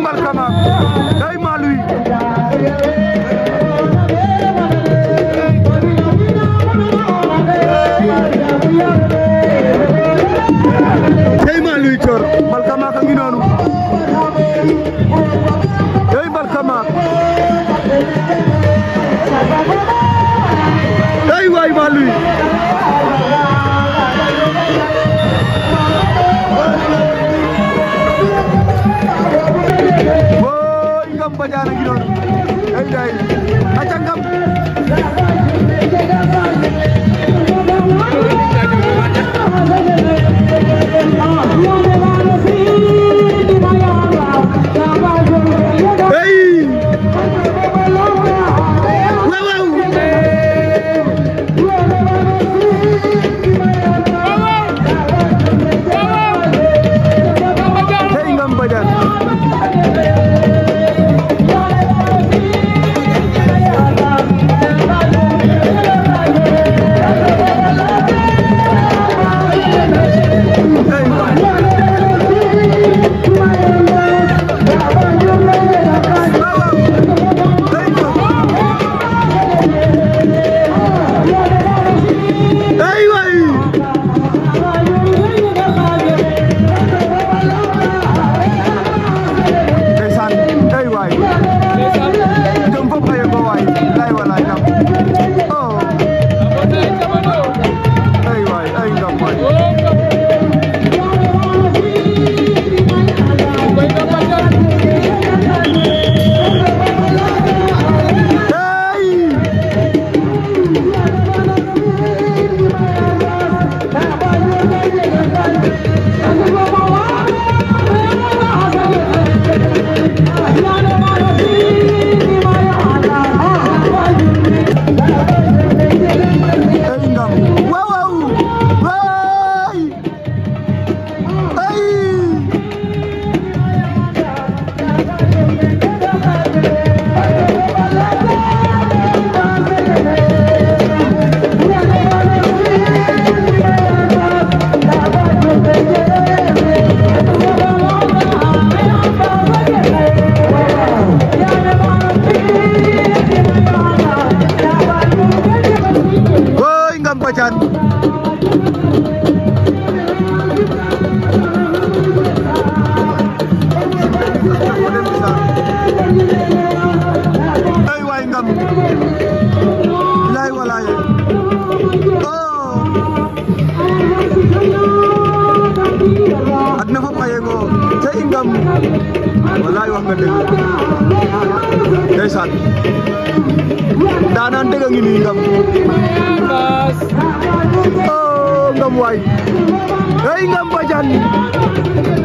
Mbarkana Badiane a ngi doon ay day Come on. Badiane ay waay ngam lay walaaye oh adna fa paye go te ngam walaay wax nga dëgg ndeysaan daanaan dëgg a ngi nii ngam oh ngam waay hey ngam bajaan